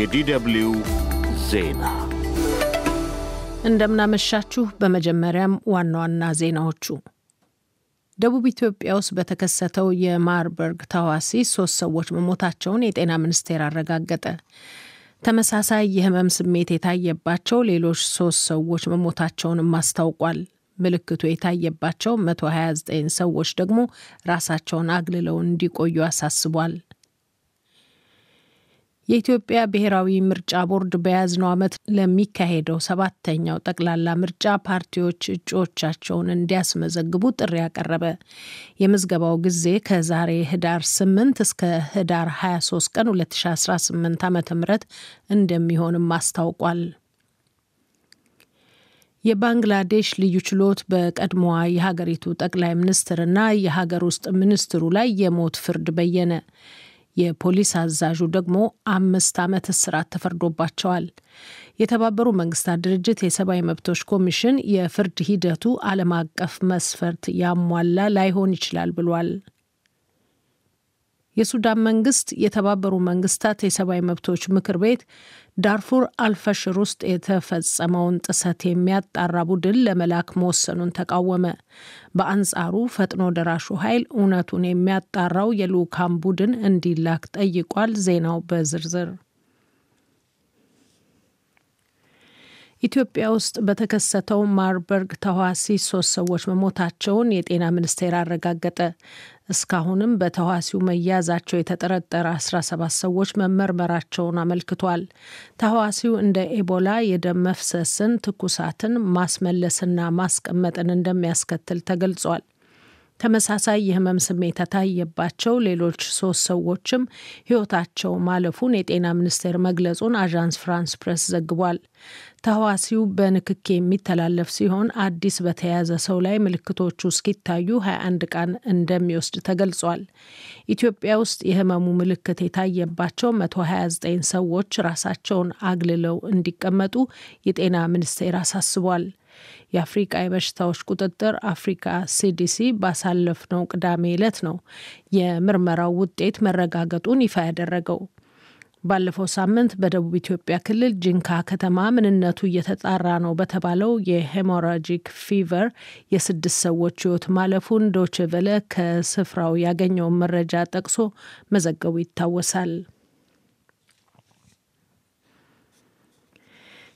የዲደብሊው ዜና እንደምናመሻችሁ። በመጀመሪያም ዋና ዋና ዜናዎቹ ደቡብ ኢትዮጵያ ውስጥ በተከሰተው የማርበርግ ታዋሲ ሶስት ሰዎች መሞታቸውን የጤና ሚኒስቴር አረጋገጠ። ተመሳሳይ የህመም ስሜት የታየባቸው ሌሎች ሶስት ሰዎች መሞታቸውንም አስታውቋል። ምልክቱ የታየባቸው 129 ሰዎች ደግሞ ራሳቸውን አግልለው እንዲቆዩ አሳስቧል። የኢትዮጵያ ብሔራዊ ምርጫ ቦርድ በያዝነው ዓመት ለሚካሄደው ሰባተኛው ጠቅላላ ምርጫ ፓርቲዎች እጩዎቻቸውን እንዲያስመዘግቡ ጥሪ ያቀረበ። የምዝገባው ጊዜ ከዛሬ ህዳር 8 እስከ ህዳር 23 ቀን 2018 ዓ ም እንደሚሆንም አስታውቋል። የባንግላዴሽ ልዩ ችሎት በቀድሞዋ የሀገሪቱ ጠቅላይ ሚኒስትርና የሀገር ውስጥ ሚኒስትሩ ላይ የሞት ፍርድ በየነ። የፖሊስ አዛዡ ደግሞ አምስት ዓመት እስራት ተፈርዶባቸዋል። የተባበሩ መንግስታት ድርጅት የሰብአዊ መብቶች ኮሚሽን የፍርድ ሂደቱ ዓለም አቀፍ መስፈርት ያሟላ ላይሆን ይችላል ብሏል። የሱዳን መንግስት የተባበሩ መንግስታት የሰብአዊ መብቶች ምክር ቤት ዳርፉር አልፈሽር ውስጥ የተፈጸመውን ጥሰት የሚያጣራ ቡድን ለመላክ መወሰኑን ተቃወመ። በአንጻሩ ፈጥኖ ደራሹ ኃይል እውነቱን የሚያጣራው የልዑካን ቡድን እንዲላክ ጠይቋል። ዜናው በዝርዝር ኢትዮጵያ ውስጥ በተከሰተው ማርበርግ ተዋሲ ሶስት ሰዎች መሞታቸውን የጤና ሚኒስቴር አረጋገጠ። እስካሁንም በተዋሲው መያዛቸው የተጠረጠረ 17 ሰዎች መመርመራቸውን አመልክቷል። ተዋሲው እንደ ኤቦላ የደም መፍሰስን፣ ትኩሳትን፣ ማስመለስና ማስቀመጥን እንደሚያስከትል ተገልጿል። ተመሳሳይ የህመም ስሜት የታየባቸው ሌሎች ሶስት ሰዎችም ህይወታቸው ማለፉን የጤና ሚኒስቴር መግለጹን አዣንስ ፍራንስ ፕሬስ ዘግቧል። ተህዋሲው በንክኬ የሚተላለፍ ሲሆን አዲስ በተያያዘ ሰው ላይ ምልክቶቹ እስኪታዩ 21 ቀን እንደሚወስድ ተገልጿል። ኢትዮጵያ ውስጥ የህመሙ ምልክት የታየባቸው 129 ሰዎች ራሳቸውን አግልለው እንዲቀመጡ የጤና ሚኒስቴር አሳስቧል። የአፍሪቃ የበሽታዎች ቁጥጥር አፍሪካ ሲዲሲ ባሳለፍነው ቅዳሜ ዕለት ነው የምርመራው ውጤት መረጋገጡን ይፋ ያደረገው። ባለፈው ሳምንት በደቡብ ኢትዮጵያ ክልል ጂንካ ከተማ ምንነቱ እየተጣራ ነው በተባለው የሄሞራጂክ ፊቨር የስድስት ሰዎች ሕይወት ማለፉን ዶችቨለ ከስፍራው ያገኘውን መረጃ ጠቅሶ መዘገቡ ይታወሳል።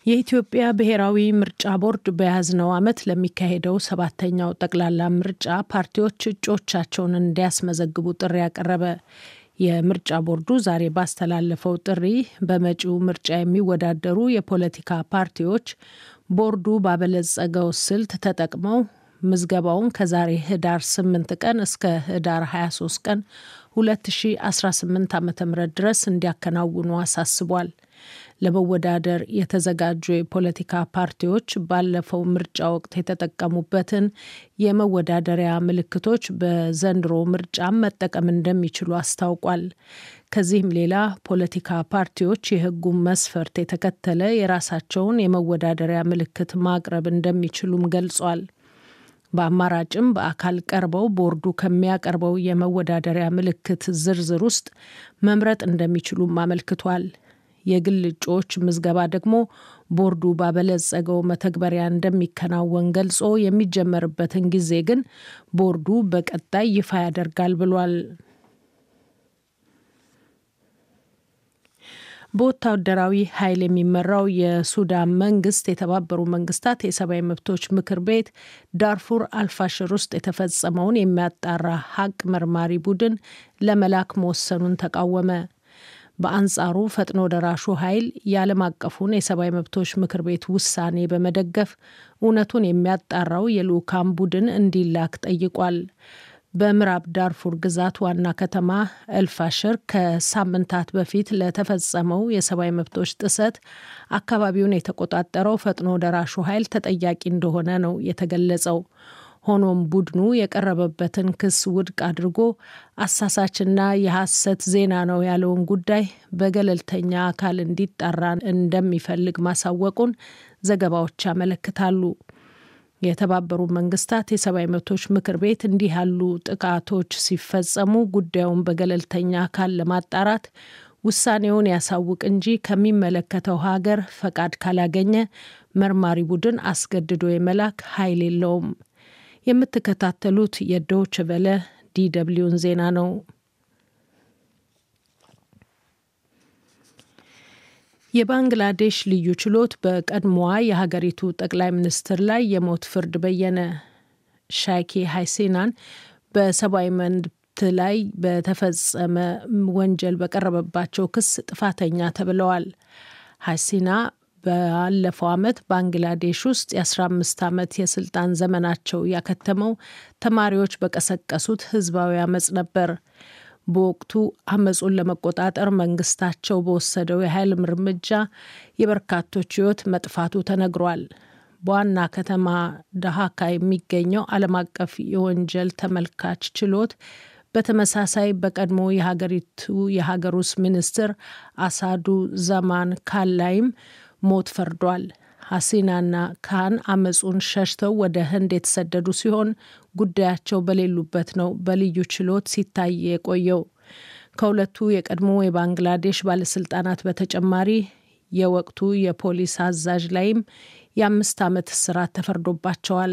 የኢትዮጵያ ብሔራዊ ምርጫ ቦርድ በያዝነው ዓመት ለሚካሄደው ሰባተኛው ጠቅላላ ምርጫ ፓርቲዎች እጩዎቻቸውን እንዲያስመዘግቡ ጥሪ ያቀረበ የምርጫ ቦርዱ ዛሬ ባስተላለፈው ጥሪ በመጪው ምርጫ የሚወዳደሩ የፖለቲካ ፓርቲዎች ቦርዱ ባበለጸገው ስልት ተጠቅመው ምዝገባውን ከዛሬ ህዳር 8 ቀን እስከ ህዳር 23 ቀን 2018 ዓ ም ድረስ እንዲያከናውኑ አሳስቧል። ለመወዳደር የተዘጋጁ የፖለቲካ ፓርቲዎች ባለፈው ምርጫ ወቅት የተጠቀሙበትን የመወዳደሪያ ምልክቶች በዘንድሮ ምርጫም መጠቀም እንደሚችሉ አስታውቋል። ከዚህም ሌላ ፖለቲካ ፓርቲዎች የሕጉን መስፈርት የተከተለ የራሳቸውን የመወዳደሪያ ምልክት ማቅረብ እንደሚችሉም ገልጿል። በአማራጭም በአካል ቀርበው ቦርዱ ከሚያቀርበው የመወዳደሪያ ምልክት ዝርዝር ውስጥ መምረጥ እንደሚችሉም አመልክቷል። የግል እጩዎች ምዝገባ ደግሞ ቦርዱ ባበለጸገው መተግበሪያ እንደሚከናወን ገልጾ የሚጀመርበትን ጊዜ ግን ቦርዱ በቀጣይ ይፋ ያደርጋል ብሏል። በወታደራዊ ኃይል የሚመራው የሱዳን መንግስት የተባበሩ መንግስታት የሰብአዊ መብቶች ምክር ቤት ዳርፉር አልፋሽር ውስጥ የተፈጸመውን የሚያጣራ ሀቅ መርማሪ ቡድን ለመላክ መወሰኑን ተቃወመ። በአንጻሩ ፈጥኖ ደራሹ ኃይል የዓለም አቀፉን የሰብአዊ መብቶች ምክር ቤት ውሳኔ በመደገፍ እውነቱን የሚያጣራው የልዑካን ቡድን እንዲላክ ጠይቋል። በምዕራብ ዳርፉር ግዛት ዋና ከተማ ኤልፋሽር ከሳምንታት በፊት ለተፈጸመው የሰብአዊ መብቶች ጥሰት አካባቢውን የተቆጣጠረው ፈጥኖ ደራሹ ኃይል ተጠያቂ እንደሆነ ነው የተገለጸው። ሆኖም ቡድኑ የቀረበበትን ክስ ውድቅ አድርጎ አሳሳችና የሐሰት ዜና ነው ያለውን ጉዳይ በገለልተኛ አካል እንዲጣራ እንደሚፈልግ ማሳወቁን ዘገባዎች ያመለክታሉ። የተባበሩት መንግስታት የሰብአዊ መብቶች ምክር ቤት እንዲህ ያሉ ጥቃቶች ሲፈጸሙ ጉዳዩን በገለልተኛ አካል ለማጣራት ውሳኔውን ያሳውቅ እንጂ ከሚመለከተው ሀገር ፈቃድ ካላገኘ መርማሪ ቡድን አስገድዶ የመላክ ኃይል የለውም። የምትከታተሉት የዶች በለ ዲደብሊውን ዜና ነው። የባንግላዴሽ ልዩ ችሎት በቀድሞዋ የሀገሪቱ ጠቅላይ ሚኒስትር ላይ የሞት ፍርድ በየነ። ሻኪ ሀይሴናን በሰብአዊ መብት ላይ በተፈጸመ ወንጀል በቀረበባቸው ክስ ጥፋተኛ ተብለዋል። ሀሲና ባለፈው ዓመት ባንግላዴሽ ውስጥ የ15 ዓመት የስልጣን ዘመናቸው ያከተመው ተማሪዎች በቀሰቀሱት ህዝባዊ አመፅ ነበር። በወቅቱ አመፁን ለመቆጣጠር መንግስታቸው በወሰደው የኃይል እርምጃ የበርካቶች ህይወት መጥፋቱ ተነግሯል። በዋና ከተማ ደሃካ የሚገኘው ዓለም አቀፍ የወንጀል ተመልካች ችሎት በተመሳሳይ በቀድሞ የሀገሪቱ የሀገር ውስጥ ሚኒስትር አሳዱ ዘማን ካላይም ሞት ፈርዷል። ሐሲናና ካን አመፁን ሸሽተው ወደ ህንድ የተሰደዱ ሲሆን ጉዳያቸው በሌሉበት ነው በልዩ ችሎት ሲታይ የቆየው። ከሁለቱ የቀድሞ የባንግላዴሽ ባለስልጣናት በተጨማሪ የወቅቱ የፖሊስ አዛዥ ላይም የአምስት ዓመት እስራት ተፈርዶባቸዋል።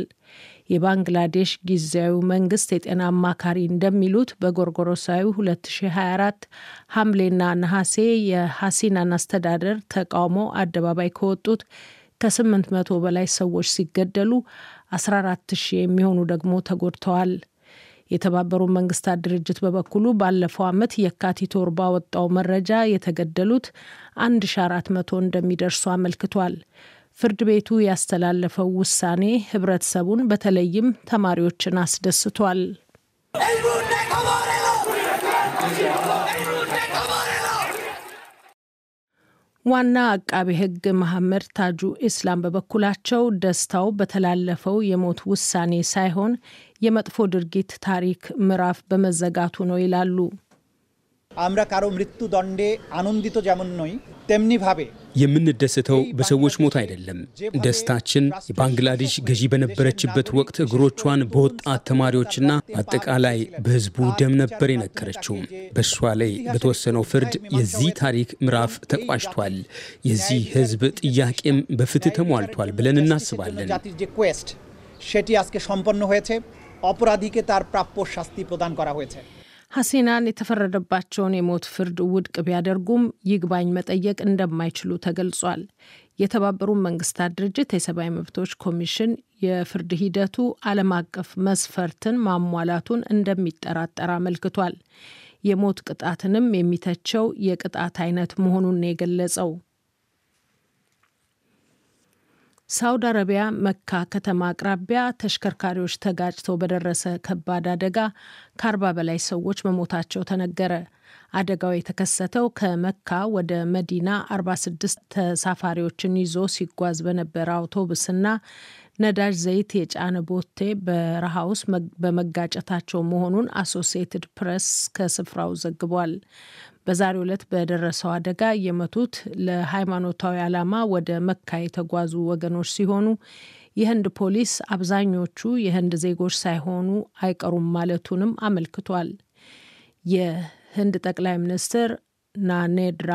የባንግላዴሽ ጊዜያዊ መንግስት የጤና አማካሪ እንደሚሉት በጎርጎሮሳዊ 2024 ሐምሌና ነሐሴ የሐሲናን አስተዳደር ተቃውሞ አደባባይ ከወጡት ከ800 በላይ ሰዎች ሲገደሉ 14000 የሚሆኑ ደግሞ ተጎድተዋል። የተባበሩ መንግስታት ድርጅት በበኩሉ ባለፈው ዓመት የካቲት ወር ባወጣው መረጃ የተገደሉት 1400 እንደሚደርሱ አመልክቷል። ፍርድ ቤቱ ያስተላለፈው ውሳኔ ህብረተሰቡን በተለይም ተማሪዎችን አስደስቷል። ዋና አቃቤ ሕግ መሐመድ ታጁ ኢስላም በበኩላቸው ደስታው በተላለፈው የሞት ውሳኔ ሳይሆን የመጥፎ ድርጊት ታሪክ ምዕራፍ በመዘጋቱ ነው ይላሉ። আমরা কারো মৃত্যুদণ্ডে আনন্দিত যেমন নই তেমনিভাবে የምንደሰተው በሰዎች ሞት አይደለም። ደስታችን የባንግላዴሽ ገዢ በነበረችበት ወቅት እግሮቿን በወጣት ተማሪዎችና አጠቃላይ በሕዝቡ ደም ነበር የነከረችው። በእሷ ላይ በተወሰነው ፍርድ የዚህ ታሪክ ምዕራፍ ተቋጭቷል። የዚህ ሕዝብ ጥያቄም በፍትህ ተሟልቷል ብለን እናስባለን። সেটি আজকে সম্পন্ন হয়েছে অপরাধীকে তার প্রাপ্য শাস্তি প্রদান করা হয়েছে ሀሴናን የተፈረደባቸውን የሞት ፍርድ ውድቅ ቢያደርጉም ይግባኝ መጠየቅ እንደማይችሉ ተገልጿል። የተባበሩት መንግስታት ድርጅት የሰብአዊ መብቶች ኮሚሽን የፍርድ ሂደቱ ዓለም አቀፍ መስፈርትን ማሟላቱን እንደሚጠራጠር አመልክቷል። የሞት ቅጣትንም የሚተቸው የቅጣት አይነት መሆኑን የገለጸው ሳውዲ አረቢያ መካ ከተማ አቅራቢያ ተሽከርካሪዎች ተጋጭተው በደረሰ ከባድ አደጋ ከአርባ በላይ ሰዎች መሞታቸው ተነገረ። አደጋው የተከሰተው ከመካ ወደ መዲና 46 ተሳፋሪዎችን ይዞ ሲጓዝ በነበረ አውቶቡስና ነዳጅ ዘይት የጫነ ቦቴ በረሃ ውስጥ በመጋጨታቸው መሆኑን አሶሲየትድ ፕሬስ ከስፍራው ዘግቧል። በዛሬው ዕለት በደረሰው አደጋ የመቱት ለሃይማኖታዊ ዓላማ ወደ መካ የተጓዙ ወገኖች ሲሆኑ የህንድ ፖሊስ አብዛኞቹ የህንድ ዜጎች ሳይሆኑ አይቀሩም ማለቱንም አመልክቷል። የህንድ ጠቅላይ ሚኒስትር ናሬንድራ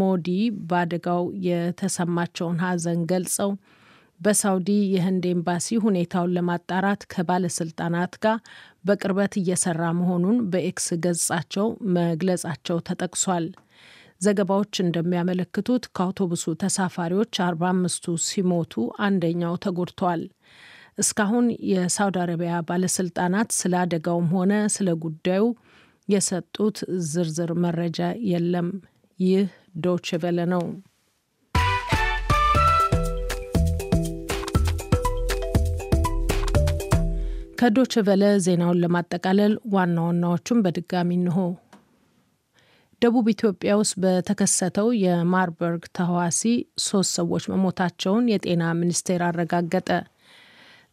ሞዲ በአደጋው የተሰማቸውን ሐዘን ገልጸው በሳውዲ የህንድ ኤምባሲ ሁኔታውን ለማጣራት ከባለስልጣናት ጋር በቅርበት እየሰራ መሆኑን በኤክስ ገጻቸው መግለጻቸው ተጠቅሷል። ዘገባዎች እንደሚያመለክቱት ከአውቶቡሱ ተሳፋሪዎች አርባ አምስቱ ሲሞቱ አንደኛው ተጎድተዋል። እስካሁን የሳውዲ አረቢያ ባለስልጣናት ስለ አደጋውም ሆነ ስለ ጉዳዩ የሰጡት ዝርዝር መረጃ የለም። ይህ ዶችቬለ ነው። ከዶች ቨለ ዜናውን ለማጠቃለል ዋና ዋናዎቹን በድጋሚ እንሆ። ደቡብ ኢትዮጵያ ውስጥ በተከሰተው የማርበርግ ተህዋሲ ሶስት ሰዎች መሞታቸውን የጤና ሚኒስቴር አረጋገጠ።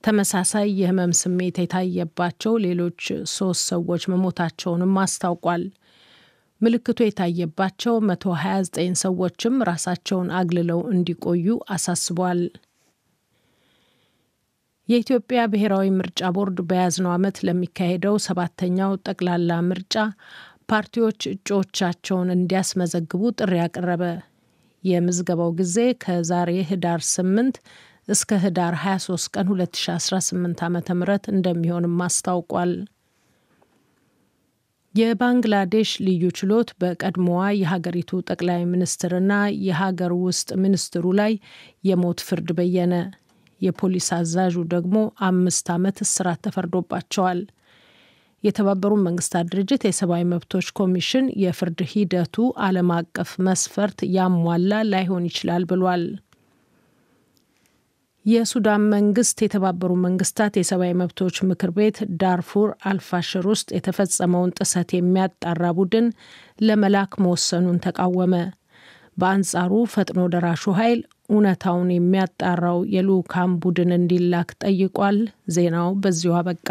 ተመሳሳይ የህመም ስሜት የታየባቸው ሌሎች ሶስት ሰዎች መሞታቸውንም አስታውቋል። ምልክቱ የታየባቸው 129 ሰዎችም ራሳቸውን አግልለው እንዲቆዩ አሳስቧል። የኢትዮጵያ ብሔራዊ ምርጫ ቦርድ በያዝነው ዓመት ለሚካሄደው ሰባተኛው ጠቅላላ ምርጫ ፓርቲዎች እጩዎቻቸውን እንዲያስመዘግቡ ጥሪ አቀረበ። የምዝገባው ጊዜ ከዛሬ ህዳር 8 እስከ ህዳር 23 ቀን 2018 ዓ ም እንደሚሆንም አስታውቋል። የባንግላዴሽ ልዩ ችሎት በቀድሞዋ የሀገሪቱ ጠቅላይ ሚኒስትርና የሀገር ውስጥ ሚኒስትሩ ላይ የሞት ፍርድ በየነ። የፖሊስ አዛዡ ደግሞ አምስት ዓመት እስራት ተፈርዶባቸዋል። የተባበሩት መንግስታት ድርጅት የሰብአዊ መብቶች ኮሚሽን የፍርድ ሂደቱ ዓለም አቀፍ መስፈርት ያሟላ ላይሆን ይችላል ብሏል። የሱዳን መንግስት የተባበሩ መንግስታት የሰብአዊ መብቶች ምክር ቤት ዳርፉር አልፋሽር ውስጥ የተፈጸመውን ጥሰት የሚያጣራ ቡድን ለመላክ መወሰኑን ተቃወመ። በአንጻሩ ፈጥኖ ደራሹ ኃይል እውነታውን የሚያጣራው የልዑካን ቡድን እንዲላክ ጠይቋል። ዜናው በዚሁ አበቃ።